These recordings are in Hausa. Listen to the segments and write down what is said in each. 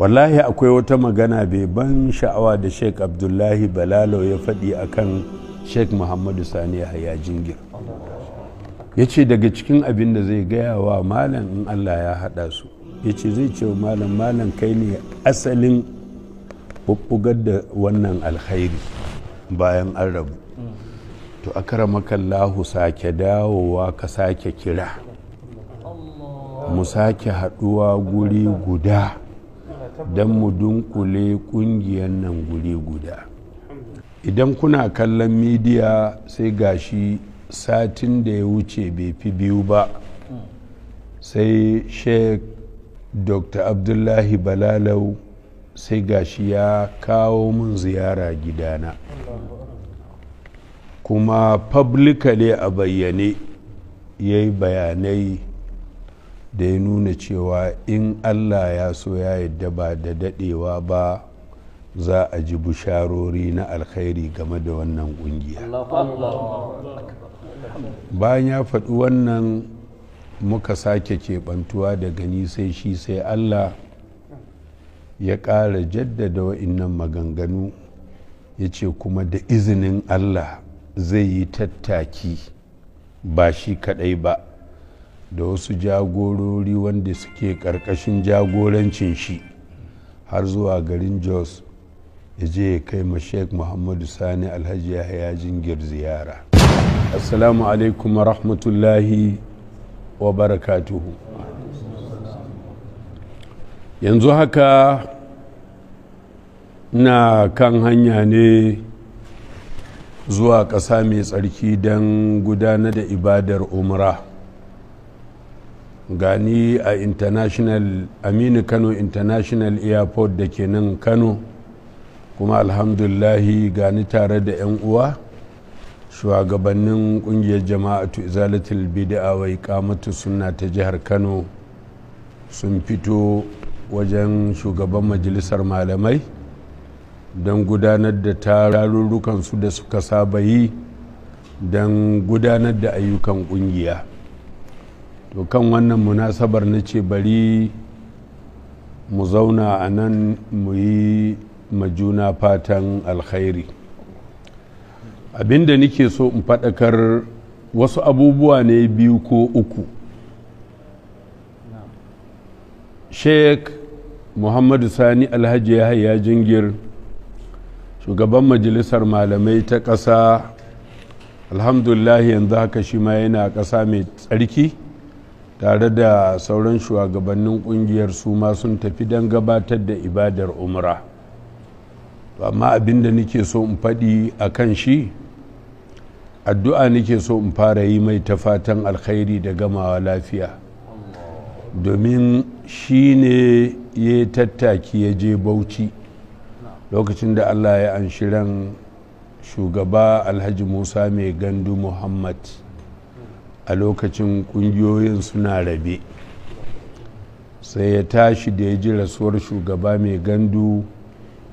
wallahi akwai wata magana bai ban sha'awa da Sheikh abdullahi balalo ya faɗi a kan Sheikh muhammadu sani ya jingir ya ce daga cikin abin da zai gaya wa malam in allah ya haɗa su ya ce zai ce malam malam kai ne asalin ɓuɓɓugar da wannan alkhairi bayan an rabu to akaramakallahu sake dawowa ka sake kira mu sake haɗuwa guri guda don mu dunkule kungiyar nan guri guda idan kuna kallon midiya sai gashi satin da ya wuce bai fi biyu ba sai sheik dr abdullahi balalau sai gashi ya kawo mun ziyara gidana kuma publicly a bayyane ya yi bayanai da ya nuna cewa in allah ya so ya yadda ba da dadewa ba za a ji bisharori na alkhairi game da wannan kungiya bayan ya faɗi wannan muka sake keɓantuwa da gani sai shi sai allah ya ƙara jaddada wa'innan maganganu ya ce kuma da izinin allah zai yi tattaki ba shi kaɗai ba da wasu jagorori wanda suke ƙarƙashin jagorancin shi har zuwa garin jos ya je ya kai ma sheikh muhammadu sani alhaji yahaya jingir ziyara assalamu alaikum wa rahmatullahi wa barakatuhu yanzu haka na kan hanya ne zuwa ƙasa mai tsarki don gudanar da ibadar umra gani a international aminu kano international airport da ke nan kano kuma alhamdulahi gani tare da 'yan uwa shugabannin kungiyar jama'atu izalatul bid'a wai kamatu sunna ta jihar kano sun fito wajen shugaban majalisar malamai don gudanar da su da suka saba yi don gudanar da ayyukan kungiya to kan wannan munasabar na ce bari mu zauna a nan mu yi majuna fatan alkhairi abinda nike so in faɗakar wasu abubuwa ne biyu ko uku sheik muhammadu sani alhaji yahaya jingir shugaban majalisar malamai ta ƙasa alhamdulillah yanzu haka shi ma yana ƙasa mai tsarki tare da sauran shugabannin kungiyar su ma sun tafi don gabatar da ibadar umra amma abin da nake so in faɗi a kan shi addu'a nake so in fara yi mai ta fatan alkhairi da gamawa lafiya domin shi ne ya tattaki ya je bauchi lokacin da allah ya an shirin shugaba alhaji musa mai gandu muhammad a lokacin kungiyoyin suna rabe sai ya tashi da ya ji rasuwar shugaba mai gandu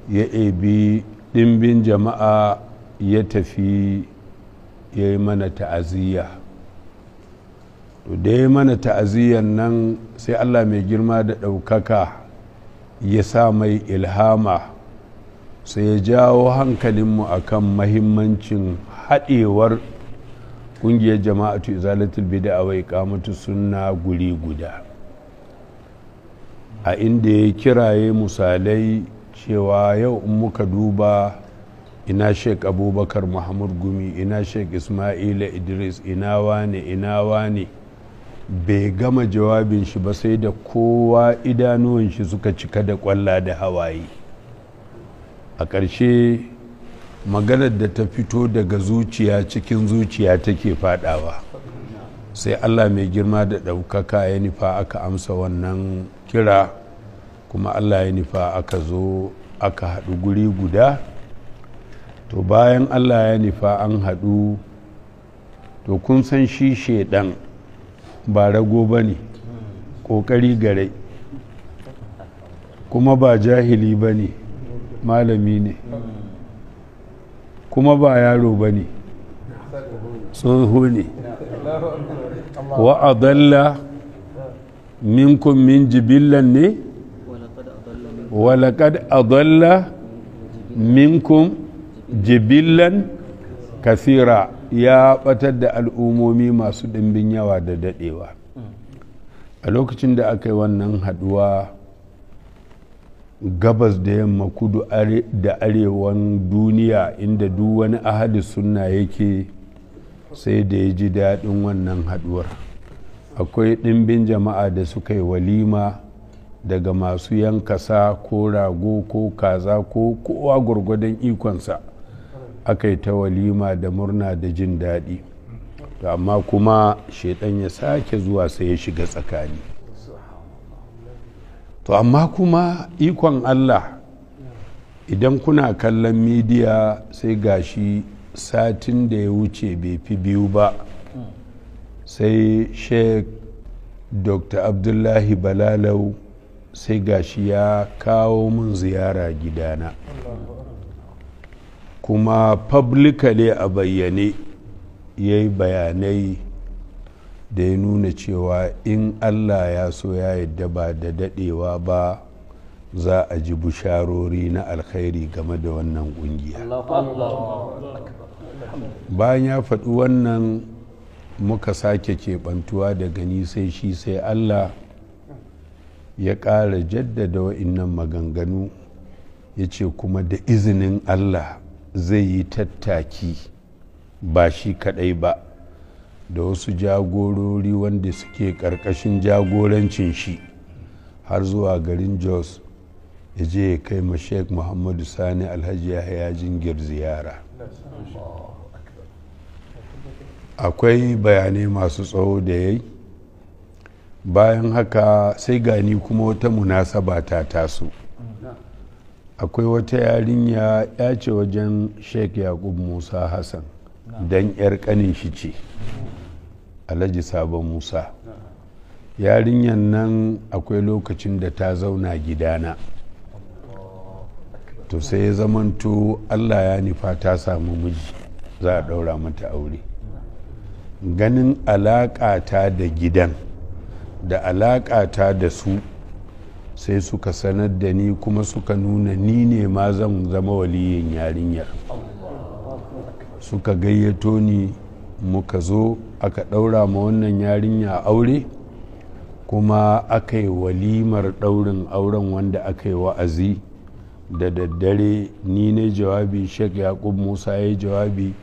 ya ebi ɗimbin jama'a ya tafi ya yi mana ta'aziyya da ya mana ta'aziyyan nan sai allah mai girma da ɗaukaka ya sa mai ilhama sai ya jawo hankalinmu akan mahimmancin haɗewar kungiyar jama'atu izalatul bid'a wa iqamatu sunna guri guda a inda ya kiraye misalai cewa yau in muka duba ina sheik abubakar muhammad gumi ina sheik ismaila idris ina wane ina wane bai gama jawabin shi ba sai da kowa idanuwan shi suka cika da kwalla da hawaye a ƙarshe maganar da ta fito daga zuciya cikin zuciya take fadawa sai allah mai girma da ɗaukaka ya nufa aka amsa wannan kira kuma allah ya nufa aka zo aka haɗu guri guda to bayan allah ya nufa an haɗu to kun san shi shaidan ba rago ba ne ƙoƙari gare kuma ba jahili ba ne malami ne kuma ba yaro ba ne tsoho ne wa adalla minkum min jibillan ne walakad adalla minkum jibillan kasira ya batar da al'ummomi masu ɗimbin yawa da daɗewa a lokacin da aka yi wannan haɗuwa gabas da yamma kudu da arewan duniya inda duk wani ahadi sunna yake sai da ya ji daɗin wannan haɗuwar akwai ɗimbin jama'a da suka yi walima daga masu yankasa kasa ko rago ko kaza ko kowa gwargwadon ikonsa aka yi ta walima da murna da jin daɗi amma kuma shaidan ya sake zuwa sai ya shiga tsakani to amma kuma ikon allah idan kuna kallon midiya sai gashi satin da ya wuce bai fi biyu ba sai sheik dr abdullahi balalau sai gashi ya kawo mun ziyara gidana kuma publicly a bayyane ya yi bayanai da ya nuna cewa in allah ya so ya yadda ba da dadewa ba za a ji bisharori na alkhairi game da wannan kungiya bayan ya faɗi wannan muka sake keɓantuwa da gani sai shi sai allah ya ƙara jaddada wa'innan maganganu ya ce kuma da izinin allah zai yi tattaki ba shi kaɗai ba da wasu jagorori wanda suke ƙarƙashin jagorancin shi har zuwa garin jos ya je ya kai ma sheik muhammadu sani alhaji ya jingir ziyara akwai bayanai masu tsawo da ya yi bayan haka sai gani kuma wata munasaba ta taso akwai wata yarinya ya ce wajen sheik yakub musa hassan don 'yar kanin shi ce alhaji sabon musa yarinyar nan akwai lokacin da ta zauna gidana to sai ya zamanto allah ya nufa ta samu miji za a ɗaura mata aure ganin alaƙata da gidan da alaƙata da su sai suka sanar da ni kuma suka nuna ni ne ma zan zama waliyin yarinyar suka gayyato ni muka zo aka ɗaura ma wannan yarinya aure kuma aka yi walimar ɗaurin auren wanda aka yi wa'azi da daddare ni ne jawabi shek Yaqub musa ya yi jawabi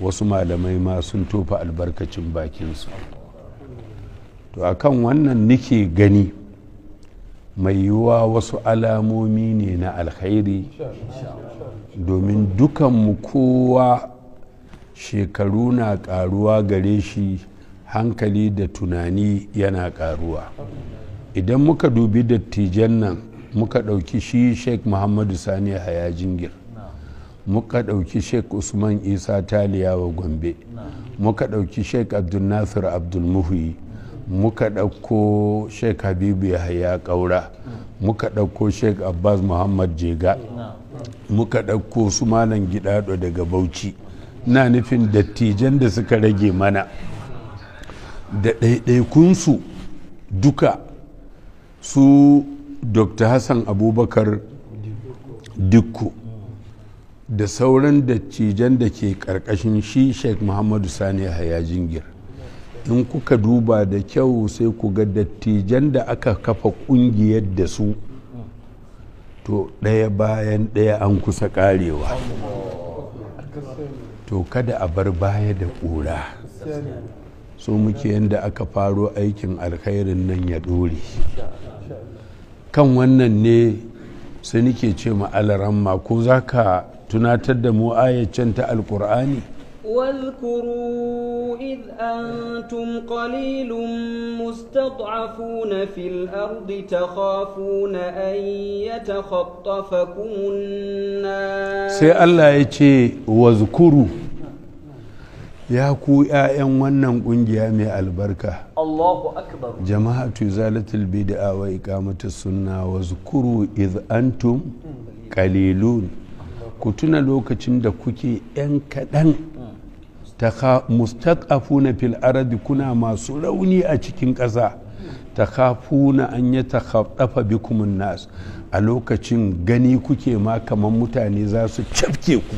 wasu malamai ma sun tofa albarkacin bakinsu to a kan wannan nike gani mai yiwuwa wasu alamomi ne na alkhairi domin dukanmu kowa shekaru na karuwa gare shi hankali da tunani yana karuwa idan muka dubi dattijan nan muka ɗauki shi sheik muhammadu sani haya jingir muka ɗauki sheik usman isa taliyawa gombe muka ɗauki sheikh abdulnasir abdulmuhi muka ɗauko sheik habibu yahaya ƙaura muka ɗauko sheik abbas muhammad jega muka ɗauko su malam gidaɗo daga bauchi na nufin dattijan da suka rage mana da ɗaiɗaikunsu duka su dr hassan abubakar dukku da sauran dattijan da ke ƙarƙashin shi sheikh muhammadu sani haya jingir in kuka duba da kyau sai ku ga dattijan da aka kafa ƙungiyar da su to ɗaya bayan ɗaya an kusa ƙarewa to kada a bar baya da ƙura so muke yadda aka faro aikin alkhairin nan ya ɗore kan wannan ne sai nike ce ma alaramma ko za ka tunatar da mu ayyacin ta alƙur'ani واذكروا إذ أنتم قليل مستضعفون في الأرض تخافون أن يتخطفكم sai allah الله يتي واذكروا ya ku 'ya'yan wannan kungiya mai albarka Allahu akbar jama'atu zalatul bid'a wa iqamatus sunna wa zkuru iz antum hmm. qalilun ku tuna lokacin da kuke 'yan kaɗan mustaqafuna fil ardi kuna masu rauni a cikin ƙasa takafuna an ta takhaffafa bikumin nas a lokacin gani kuke ma kamar mutane za su cafke ku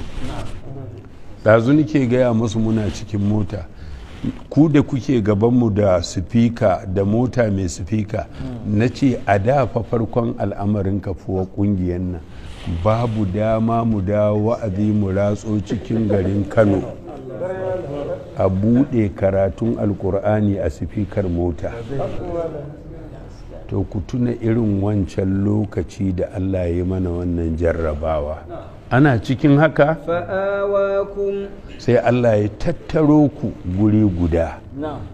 ɗazu nike gaya musu muna cikin mota ku da kuke gabanmu da sifika da mota mai sifika na ce a dafa farkon al'amarin kafuwa ƙungiyar nan babu dama mu dawo wa'azi mu ratso cikin garin kano a buɗe karatun alkur'ani a sifikar mota to ku tuna irin wancan lokaci da allah ya mana wannan jarrabawa ana cikin haka sai allah ya tattaro ku guri guda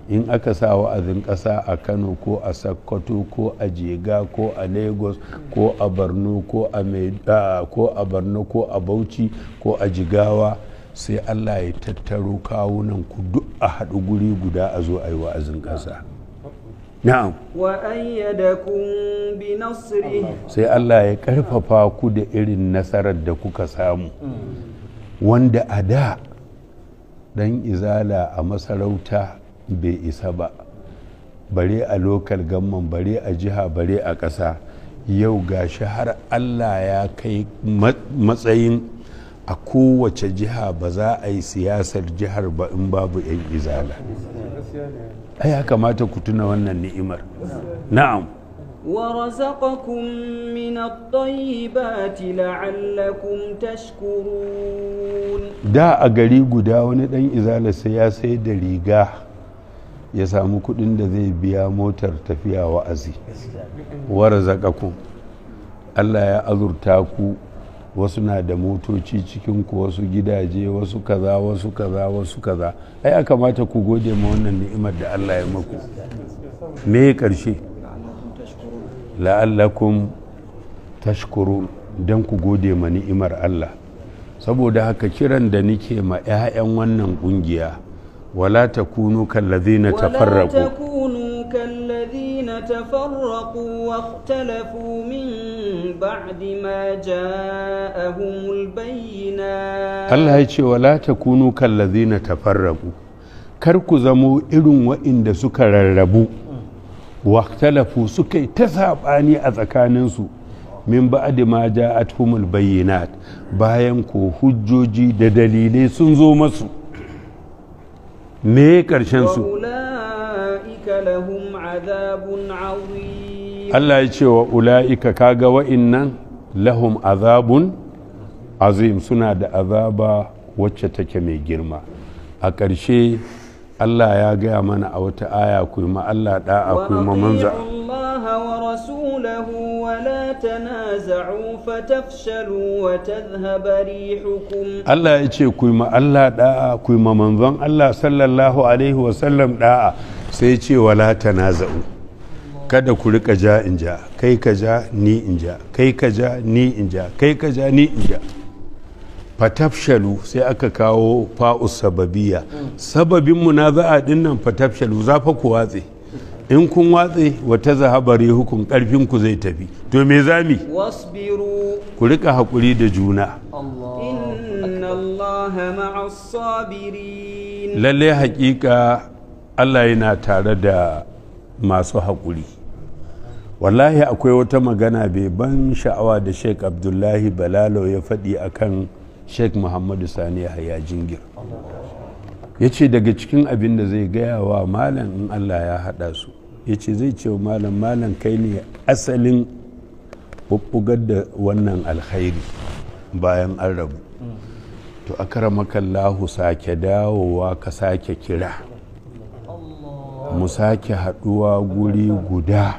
in aka sa wa'azin ƙasa a kano ko a sakkwato ko a jega ko a lagos ko a borno ko a borno ko a bauchi ko a jigawa sai allah ya tattaro kawunan ku duk a haɗu guri guda a zo a yi wa'azin ƙasa na'am wa ayyadakum bi nasri sai allah ya ƙarfafa ku da irin nasarar da kuka samu wanda a da ɗan izala a masarauta bai isa ba bare a lokal gamman bare a jiha bare a ƙasa yau gashi har allah ya kai matsayin a kowace jiha ba za a yi siyasar jihar ba in babu 'yan izala ai ya kamata ku tuna wannan ni'imar na'am ورزقكم من الطيبات لعلكم tashkurun. da a gari guda wani ɗan izala sai ya sai da riga ya samu kudin da zai biya motar tafiya wa'azi warzaqakum Allah ya azurta ku wasu na da motoci cikin ku wasu gidaje wasu kaza wasu kaza wasu kaza ai ya kamata ku gode ma wannan ni'imar da Allah ya muku me karshe la'allakum tashkurun don ku gode ma ni'imar Allah saboda haka kiran da nike ma 'ya'yan wannan kungiya wala takunu kallazina tafarraqu تفرقوا واختلفوا من بعد ما جاءهم البينات الله يقول ولا تكونوا كالذين تفرقوا كركو زمو إلن وإن دسك رربوا واختلفوا سكي تسابعني أذكاننسو من بعد ما جاءتهم البينات bayan ko hujjoji da dalilai sun zo masu me karshen su Allah ya ce wa ula'ika kaga wa'innan lahum azabun azim suna da azaba wacce take mai girma a ƙarshe Allah ya gaya mana a wata aya ku ma Allah da'a ku ma manza Allah ya ce ku ma Allah da'a ku ma manzon Allah sallallahu alaihi wa sallam da'a sai ce wala tanaza'u kada ku rika ja in ja kai ka ja ni in ja kai ka ja ni in ja kai ka ja ni in ja fatafshalu sai aka kawo fa'u sababiya sababin munaza'a din nan fatafshalu za fa ku watse in kun watse wata zahabari hukun karfin ku zai tafi to me zami ku rika hakuri da juna inna haƙiƙa Allah yana tare da masu haƙuri wallahi akwai wata magana bai ban sha'awa da sheik abdullahi balalo ya faɗi akan sheik muhammadu sani ya jingir ya ce daga cikin abin da zai gaya wa malam in Allah ya haɗa su ya ce zai ce malam malam kai ne asalin ɓuɓɓugar da wannan alkhairi bayan an rabu to a akara makallahu sake dawowa ka sake kira mu sake haɗuwa guri guda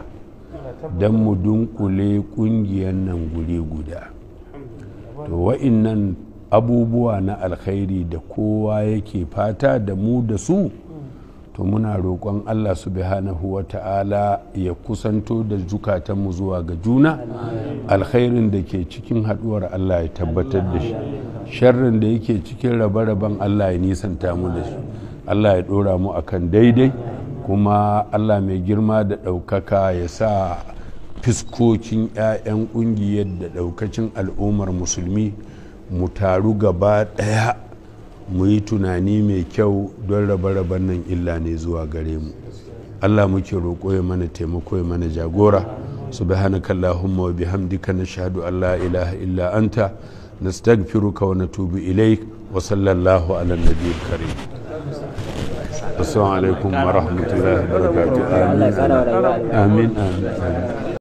don mu dunkule ƙungiyar nan guri guda to wa'innan abubuwa na alkhairi da kowa yake fata da mu da su to muna roƙon allah su bi hana wa ta'ala ya kusanto da zukatanmu zuwa ga juna alkhairin da ke cikin haɗuwar allah ya tabbatar da shi sharrin da yake cikin rabe-raben allah ya nisanta mu da shi allah ya ɗora mu akan daidai kuma allah mai girma da ɗaukaka ya sa fiskocin 'ya'yan ƙungiyar da ɗaukacin al'ummar musulmi mu taru gaba ɗaya mu yi tunani mai kyau don rabe-raben nan illa ne zuwa gare mu allah muke roƙo ya mana taimako ya mana jagora su subhanaka allahumma wa bihamdika nashhadu an la ilaha illa anta stagfiru wa na tubi ilai wasallallahu ala nabi karim السلام عليكم ورحمة الله وبركاته آمين آمين آمين, آمين.